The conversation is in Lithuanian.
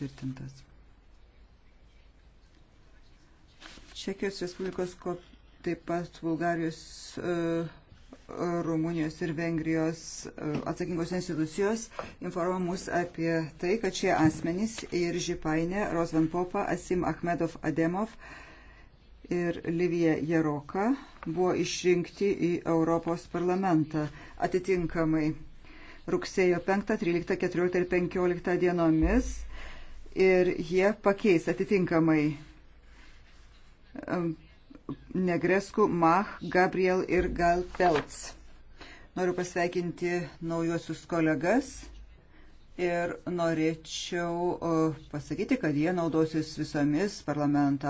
patvirtintas. Čekijos Respublikos, taip pat Bulgarijos, e, e, Rumunijos ir Vengrijos e, atsakingos institucijos informuoja mus apie tai, kad šie asmenys ir Žipainė, Rozvan Popa, Asim Ahmedov Ademov ir Livija Jeroka buvo išrinkti į Europos parlamentą atitinkamai rugsėjo 5, 13, 14 ir 15 dienomis ir jie pakeis atitinkamai um, Negresku, Mach, Gabriel ir Gal Pelts. Noriu pasveikinti naujuosius kolegas ir norėčiau uh, pasakyti, kad jie naudosis visomis parlamentarų.